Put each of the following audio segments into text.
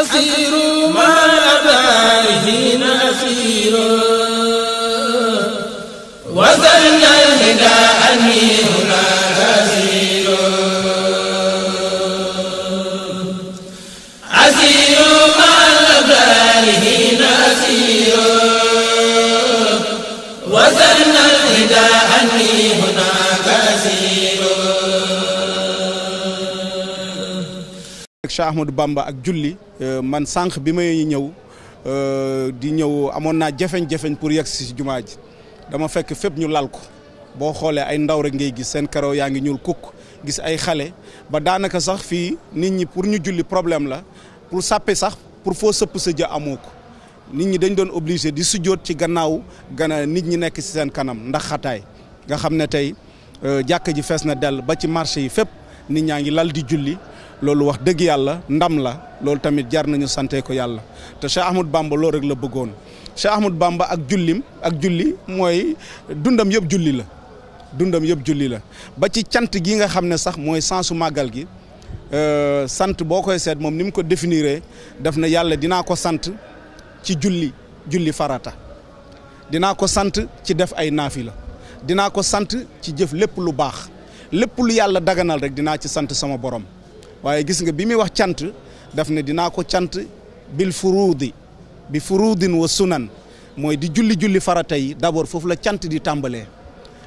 asiru ma abaarihin asiru wasalna nida amiruna asiru asiru ma abaarihin asiru wasalna nida amiruna Cheikh du Bamba ak julli euh, man sànq bi may ñëw euh, di ñëw amoon naa jafeñ-jafeñ pour yegg si jumaa ji dama fekk fépp ñu lal ko boo xoolee ay ndaw rek ngay gis seen karaw yaa ngi ñuul kukk gis ay xale ba daanaka sax fii nit ñi pour ñu julli problème la pour sàppe sax pour foo sëpp sa jë amoo ko nit ñi dañ doon obliger di sujjóot ci gannaaw gana nit ñi nekk si seen kanam ndax xataay nga xam ne tey euh, jàkka ji fees na dell ba ci marché yi fépp nit ñaa ngi lal di julli loolu wax dëgg yàlla ndam la loolu tamit jar nañu sante ko yàlla te Cheikh Ahmad Bamba loolu rek la bëggoon Cheikh Ahmad Bamba ak jullim ak julli mooy dundam yëpp julli la dundam yëpp julli la ba ci cant gi nga xam ne sax mooy sensu màggal gi euh, sant boo koy seet moom ni mu ko définiree daf na yàlla dinaa ko sant ci julli julli farata dinaa ko sant ci def ay naafi la dinaa ko sant ci jëf lépp lu baax lépp lu yàlla daganal rek dinaa ci sant sama borom waaye gis nga bi muy wax cant daf ne dinaa ko cant bil furuudi bi furuudin wa sunan mooy di julli julli farata yi d'abord foofu la cant di tàmbalee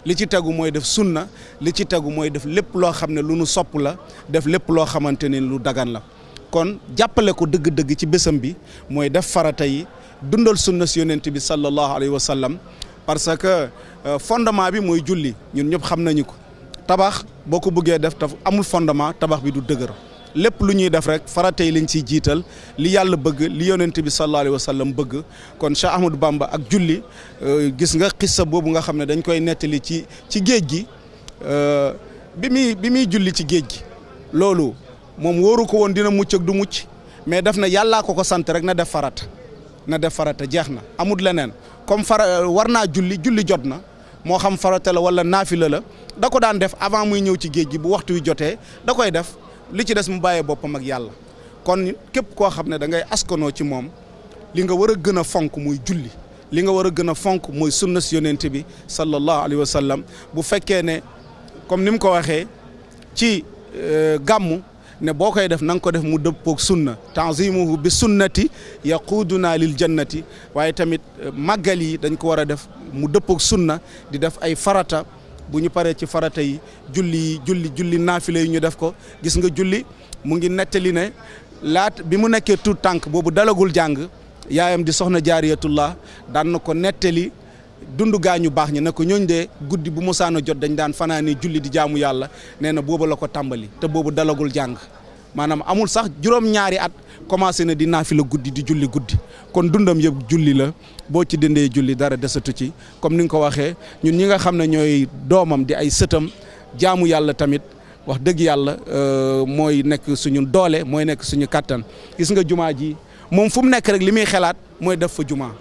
li ci tegu mooy def sunna li ci tegu mooy def lépp loo xam ne lu nu sopp la def lépp loo xamante ne lu dagan la kon jàppale ko dëgg-dëgg ci bésam bi mooy def farata yi dundal sunna si yonent bi sallallahu alayhi wa sallam parce que euh, fondement bi mooy julli ñun ñëpp xam nañu ko tabax boo ko bëggee def taf amul fondement tabax bi du dëgër lépp lu ñuy def rek faratey lañ ciy jiital li yàlla bëgg li yonent bi sallallahu alayhi wa sallam bëgg kon Cheikh Ahmadou Bamba ak julli euh, gis nga xissa boobu nga xam ne dañ koy nettali ci ci géej gi euh, bi muy bi muy julli ci géej gi loolu moom waru ko woon dina mucc du mucc mais def na yàllaa ko ko sant rek na def farata na def farata jeex na amut leneen comme fara euh, war naa julli julli jot na moo xam farata la wala naafila la da ko daan def avant muy ñëw ci géej gi bu waxtu wi jotee da koy def li ci des mu bàyyee boppam ak yàlla kon képp koo xam ne da ngay askanoo ci moom li nga war a gën a fonk muy julli li nga war a gën a fonk mooy sunna si yonent bi sallallahu alayhi wa sallam bu fekkee ne comme ni mu ko waxee ci euh, gàmmu ne boo koy def na nga ko def mu dëppoog sunna tanzimuhu bi sunnati yaquduna lil jannati waaye tamit euh, màggal yi dañ ko war a def mu dëppoog sunna di def ay farata bu ñu paree ci farata yi julli julli julli naafile yi ñu def ko gis nga julli mu ngi nettali ne laat bi mu nekkee tout tànk boobu dalagul jàng yaayam di soxna jaariyatullah daan na ko nettali dund gaa ñu baax ñi ne ko ñooñ de guddi bu mosaana jot dañu daan fanaani julli di jaamu yàlla nee na boobu la ko tàmbali te boobu dalagul jàng maanaam amul sax juróom-ñaari at commencé na di la guddi di julli guddi kon dundam yëpp julli la boo ci dindee julli dara desatu ci comme ni nga ko waxee ñun ñi nga xam ne ñooy doomam di ay sëtam jaamu yàlla tamit wax dëgg yàlla euh, mooy nekk suñu doole mooy nekk suñu kàttan gis nga jumaa ji moom fu mu nekk rek li muy xalaat mooy def fa jumaa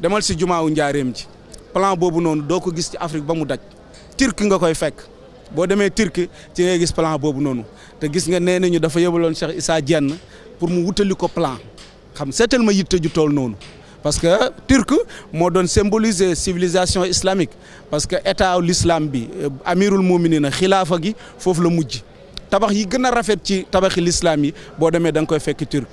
demal si jumaa wu njaareem ji plan boobu noonu doo ko gis ci Afrique ba mu daj Turquie nga koy fekk boo demee Turquie ci ngay gis plan boobu noonu te gis nga nee nañu dafa yebaloon Cheikh Issa Diène pour mu wutali ko plan xam seetal ma yitte ju tool noonu parce que turc moo doon symboliser civilisation islamique parce que état l'islam bi euh, amirul muminina xilaafa gi foofu la mujj tabax yi gën a rafet ci tabaxi l'islam yi boo demee da nga koy fekk turc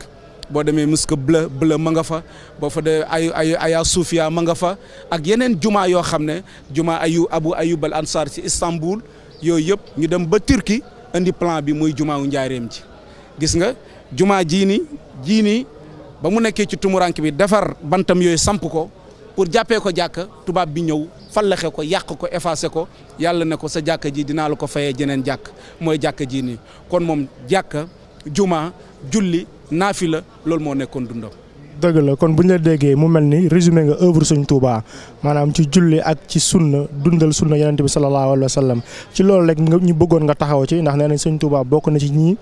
boo demee Mosquée ble bleue ma nga fa boo fa de ay ay Aya ma nga fa ak yeneen jumaa yoo xam ne jumaa ayu Abu Ayyub al Ansar ci Istanbul yooyu yëpp ñu dem ba Turquie indi plan bi muy jumaa wu njaareem ji gis nga juma jii nii ba mu nekkee ci tumurank bi defar bantam yooyu samp ko pour jàppee ko jàkka tubaab bi ñëw fallaxe ko yàq ko effacé ko yàlla ne ko sa jàkka ji dinaa la ko fayee jeneen jàkk mooy jàkka ji nii kon moom jàkka jumaa julli naafi la loolu moo nekkoon dundam dëgg la kon bu ñu la déggee mu mel ni résumé nga œuvre suñ Tuubaa maanaam ci julli ak ci sunna dundal sunna yonent bi salallaahu alayhi wa sallam ci loolu rek nga ñu bëggoon nga taxaw ci ndax nee nañ Sëñ Tuubaa bokk na ci ñi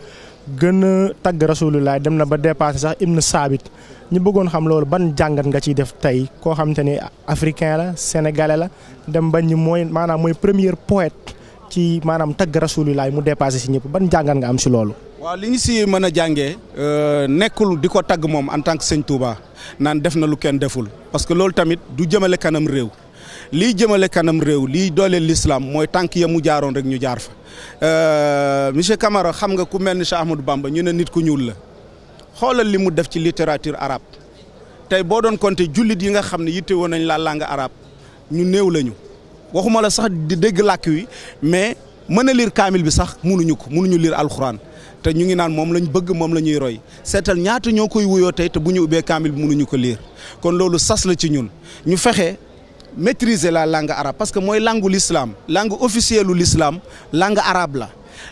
gën a tagg rasulullah dem na ba dépassé sax Ibn Saabit ñu bëggoon xam loolu ban jàngat nga ciy def tey koo xam ni africain la sénégalais la dem ba ñi mooy maanaam mooy première poète ci maanaam tagg rasulullah mu dépassé si ñëpp ban jàngat nga am si loolu. waaw li ñu si mën a jàngee euh, nekkul di ko tagg moom en tant que sëñ Touba naan def na lu kenn deful parce que loolu tamit du jëmale kanam réew liy jëmale kanam réew liy dooleel lislaam mooy tànk ya mu jaaroon rek ñu jaar fa euh, monsieur Camara xam nga ku mel ni Cheikh Ahmadou Bamba ñu ne nit ku ñuul la xoolal li mu def ci littérature arabe tey boo doon compter jullit yi nga xam ne yitte woon nañ la langue arabe ñu néew lañu waxuma la sax di dégg làkk wi mais mën a liir kaamil bi sax munuñu ko munuñu liir alxuraan. te ñu ngi naan moom lañ bëgg moom la ñuy roy seetal ñaata ñoo koy wuyoo tey te bu ñu ubbee kaamil bi mënuñu ko liir kon loolu sas la ci ñun ñu fexe maîtriser la langue arabe parce que mooy langue l'islam langue officielle lislaam langue arabe la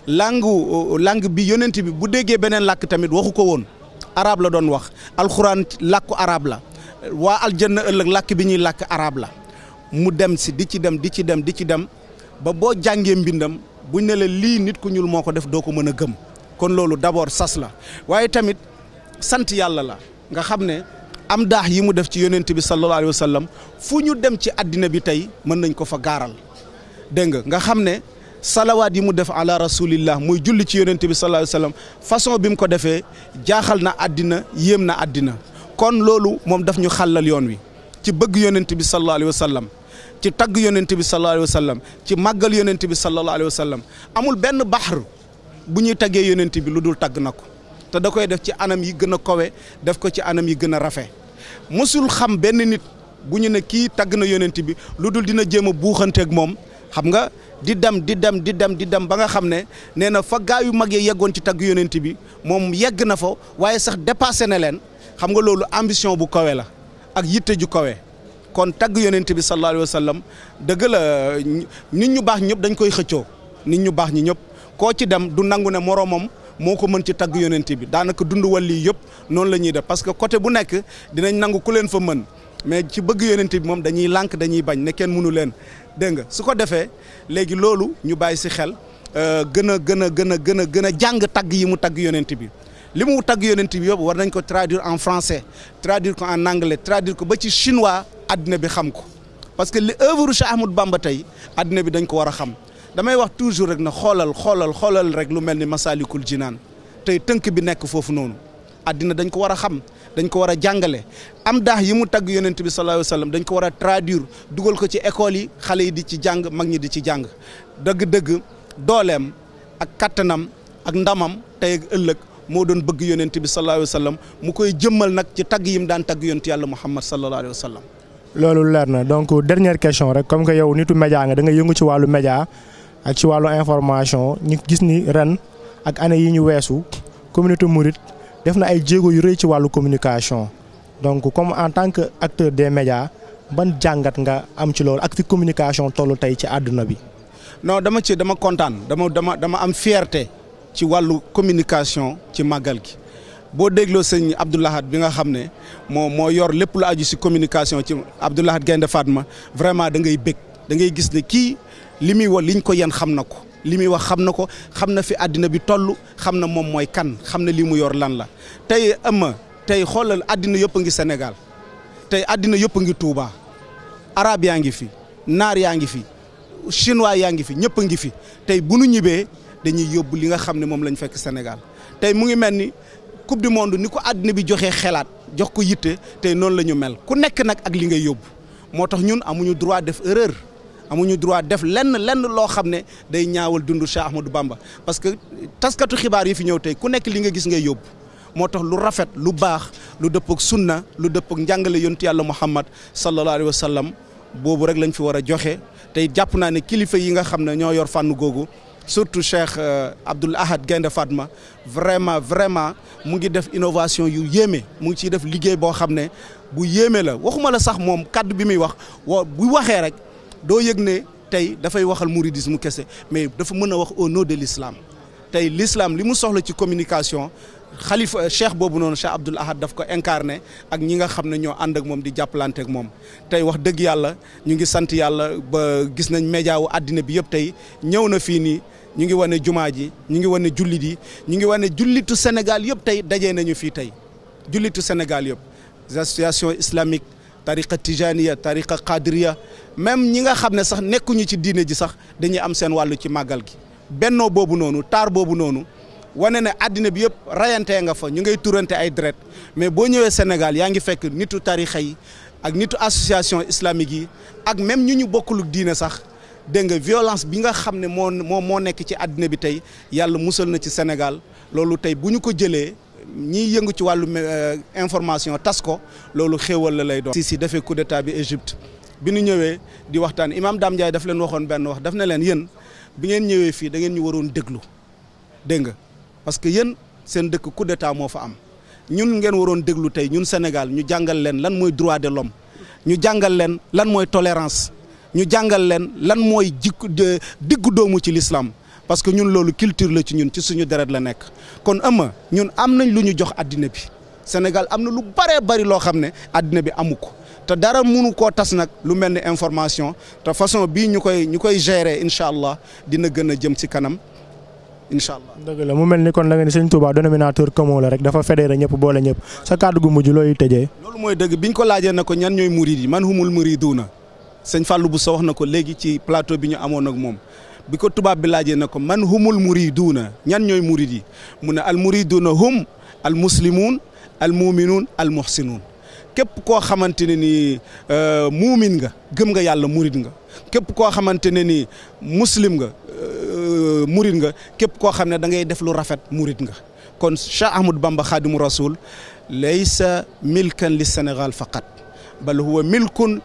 langu euh, langue bi yonent bi bu déggee beneen lakk tamit waxu ko woon arabe la doon wax alxuraan làkku arabe la waa aljanna ëllëg lakk bi ñuy lakk arabe la mu dem si di ci dem di ci dem di ci dem ba boo jàngee mbindam buñ ne la lii nit ku ñuul moo ko def doo ko mën a gëm kon loolu d'abord sas la waaye tamit sant yàlla la nga xam ne am daax yi mu def ci yonent bi sallallahu alayhi sallam fu ñu dem ci àddina bi tey mën nañ ko fa gaaral dégg nga nga xam ne salawaat yi mu def ala rasulillah muy julli ci yonent bi sallallahu alayhi façon bi mu ko defee jaaxal na àddina yéem na àddina kon loolu moom daf ñu xallal yoon wi ci bëgg yonent bi sallallahu alayhi sallam ci tagg yonent bi sallallahu alayhi sallam ci màggal yonent bi sallallahu alayhi sallam amul benn baxar bu ñuy taggee yonent bi lu dul tagg na ko te da koy def ci anam yi gën a kowe def ko ci anam yi gën a rafet mosul xam benn nit bu ñu ne kii tagg na yonent bi lu dul dina jéem a buuxanteeg moom xam nga di dem di dem di dem di dem ba nga xam ne nee na fa gaa yu mag yeggoon ci tagg yonent bi moom yegg na fo waaye sax dépassé na leen xam nga loolu ambition bu kowe la ak yitte ju kowe kon tagg yonent bi sallallahu alayhi wa sallam dëgg la nit ñu baax ñëpp dañ koy xëccoo nit ñu baax ñi ñëpp. koo ci dem du nangu ne moroomam moo ko mën ci tagg yonent bi daanaka dund wàlli yëpp noonu lañuy ñuy def parce que côté bu nekk dinañ nangu ku leen fa mën mais ci bëgg yonent bi moom dañuy lànk dañuy bañ ne kenn mënu leen dégg nga su ko defee léegi loolu ñu bàyyi si xel euh, gën a gën a gën a gën a gën a jàng tagg yi mu tagg yonent bi li mu tagg yonent bi yëpp war nañ ko traduire en français traduire ko en anglais traduire ko ba ci chinois addina bi xam ko parce que li œuvre Cheikh Ahmadou Bamba tey àddina bi dañ ko war a xam damay wax toujours rek na xoolal xoolal xoolal rek lu mel ni Masaalikul Jinaan tey tënk bi nekk foofu noonu àddina dañ ko war a xam dañ ko war a jàngale am daax yi mu tagg yonent bi sallallahu alayhi dañ ko war a traduire dugal ko ci école yi xale yi di ci jàng mag ñi di ci jàng dëgg-dëgg dooleem ak kattanam ak ndamam tey ak moo doon bëgg yonent bi sallallahu alayhi wasallam mu koy jëmmal nag ci tagg yi mu daan tagg yonent yàlla Muhammad sallallahu alayhi wasallam loolu leer na donc dernière question rek comme nga yow nitu média nga da nga yëngu ci wàllu média ak ci wàllu information ñu gis ni ren ak année yi ñu weesu communauté Mouride def na ay jéego yu rëy ci wàllu communication donc comme en tant que acteur des médias ban jàngat nga am ci loolu ak ci communication tollu tey ci àdduna bi. non dama ci dama kontaan dama dama dama am fierté ci wàllu communication ci màggal gi boo dégloo sëñ Abdou bi nga xam ne moo moo yor lépp lu aju si communication ci Abdou Lahad Gaynde Fatma vraiment da ngay bëgg da ngay gis ne kii. li muy wax liñ ko yan xam na ko li muy wax xam na ko xam na fi àddina bi toll xam na moom mooy kan xam na lii mu yor lan la tey ëmma tey xoolal àddina yëpp a ngi Sénégal tey àddina yëpp a ngi Touba arabe yaa ngi fi naar yaa ngi fi chinois yaa ngi fi ñëpp a ngi fi tey bu nu ñibbee dañuy yóbbu li nga xam ne moom lañ fekk Sénégal tey mu ngi mel ni coupe du monde ni ko àddina bi joxee xelaat jox ko yitte tey noonu la ñu mel ku nekk nag ak li ngay yóbbu moo tax ñun amuñu droit def erreur. amuñu droit def lenn lenn loo xam ne day ñaawal dundu Cheikh Ahmadou Bamba parce que taskatu xibaar yi fi ñëw tey ku nekk li nga gis ngay yóbbu moo tax lu rafet lu baax lu dëppook sunna lu dëppook njàngale yontu yàlla Muhammad sallallahu alayhi wa sallam boobu rek lañ fi war a joxe tey jàpp naa ne kilifa yi nga xam ne ñoo yor fànn googu surtout Cheikh euh, Abdoul Ahad Gaynde Fatma vraiment vraiment mu ngi def innovation yu yéeme mu ngi ciy def liggéey boo xam ne bu yéeme la waxuma la sax moom kaddu bi muy wax wa bu waxee rek. doo yëg ne tey dafay waxal mouridisme kese mais dafa mën a wax au nom de l'islam tey lislaam li mu soxla ci communication xalifa cheikh boobu noonu Cheikh Abdoul Ahad daf ko incarné ak ñi nga xam ne ñoo ànd ak moom di jàppalante ak moom tey wax dëgg yàlla ñu ngi sant yàlla ba gis nañ média wu àddina bi yëpp tey ñëw na fii nii ñu ngi wane jumaa ji ñu ngi wane jullit yi ñu ngi wane jullitu Sénégal yëpp tey dajee nañu fii tey jullitu Sénégal yëpp association islamique tariqa tijaniya tariqa qadiriya même ñi nga xam ne sax nekkuñu ci diine ji sax dañuy am seen wàllu ci màggal gi bennoo boobu noonu taar boobu noonu wane ne àddina bi yëpp rayantee nga fa ñu ngay turante ay deret mais boo ñëwee Sénégal yaa ngi fekk nitu tarixa yi ak nitu association islamique yi ak même ñu ñu bokkul diine sax dégg nga violence bi nga xam ne moo moo moo nekk ci àddina bi tey yàlla musal na ci Sénégal loolu tey bu ñu ko jëlee ñiy yëngu ci wàllu euh, information tas ko loolu xéewal lay doon. si si defee coup bi Égypte. bi nu ñëwee di waxtaan imaam Dame Ndiaye daf leen waxoon benn wax daf ne leen yéen bi ngeen ñëwee fii dangeen ngeen ñu waroon déglu dégg nga parce que yéen seen dëkk coup d'état moo fa am ñun ngeen waroon déglu tey ñun Sénégal ñu jàngal leen lan mooy droit de l'homme ñu jàngal leen lan mooy tolérance ñu jàngal leen lan mooy jikku diggu doomu ci l'islam parce que ñun loolu culture la ci ñun ci suñu deret la nekk kon ëmma ñun am nañ lu ñu jox addina bi Sénégal am na lu bëree bëri loo xam ne addina bi amu ko te dara munu koo tas nag lu mel ni information te façon bii ñu koy ñu koy gérer incha allah dina gën a jëm si kanam incha allah. mu mel ni kon la nga ni sëñ Touba dénominateur commun la rek dafa fédéré ñëpp boole ñëpp sa kàddu gu mujj looy tëjee. loolu mooy dëgg biñ ko laajee na ko ñan ñooy murid yi man humul muriduna sëñ Fallou Bousso wax na ko léegi ci plateau bi ñu amoon ak bi ko tubaab bi laajee na ko man humul muriduuna ñan ñooy murid yi mu ne al muriduuna hum al muslimuun al muminuun al muhsinuun képp koo xamante ne ni euh, muumin nga gëm nga yàlla murit nga képp koo xamante ne ni muslim nga euh, murit nga képp koo xam ne da ngay def lu rafet murit nga kon Cheikh Ahmadou Bamba Khadimu Rasoul laysa milkan li Sénégal faqat bal huwa milkun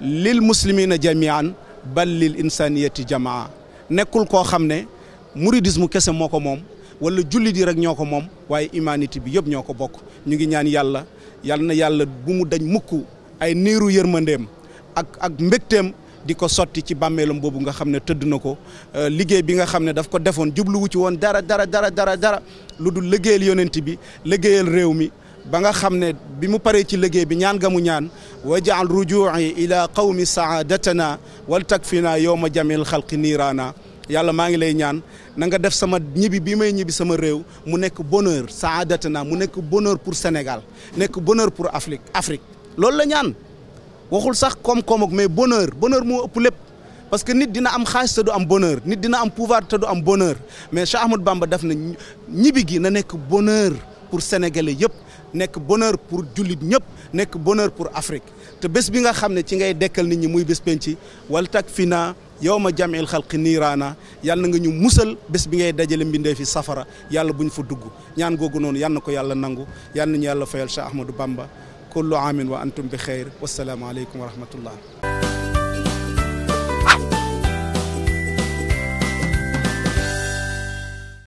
lil muslimina jamian bal lil insaniyati jamaa nekkul koo xam ne muridisme kese moo ko moom wala jullit yi rek ñoo ko moom waaye humanité bi yëpp ñoo ko bokk ñu ngi ñaan yàlla yàlla na yàlla bu mu dañ mukk ay niiru yërmandeem ak ak mbégteem di ko sotti ci bàmmeelam boobu nga xam ne tëdd na ko euh, liggéey bi nga xam ne daf ko defoon jubluwu ci woon dara dara dara dara dara lu dul liggéeyal yonent bi liggéeyal réew mi ba nga xam ne bi mu paree ci liggéey bi ñaan ga mu ñaan wa wajaal rujuu'i ila qawmi saadatana wal takfina yowma jamil xalqi niiraana yàlla maa ngi lay ñaan na nga def sama ñibbi bii may ñibbi sama réew mu nekk bonheur naa mu nekk bonheur pour Sénégal nekk bonheur pour Afrique Afrique loolu la ñaan waxul sax koom-koom mais bonheur bonheur moo ëpp lépp parce que nit dina am xaalis du am bonheur nit dina am pouvoir te du am bonheur mais Cheikh Ahmadou Bamba def na ñibbi gi na nekk bonheur pour sénégalais yëpp nekk bonheur pour jullit ñëpp nekk bonheur pour Afrique te bés bi nga xam ne ci ngay dekkal nit ñi muy bés penc wal tak fina yow ma jamil xalqi niiraana yàlla nga ñu musal bés bi ngay dajale mbindee fi safara yàlla bu ñu fa dugg ñaan googu noonu yàlla na ko yàlla nangu yàlla nañu yàlla fayal Cheikh Ahmadou Bamba kullu aamin wa antum bi xeyr wasalaamu aleykum wa rahmatullah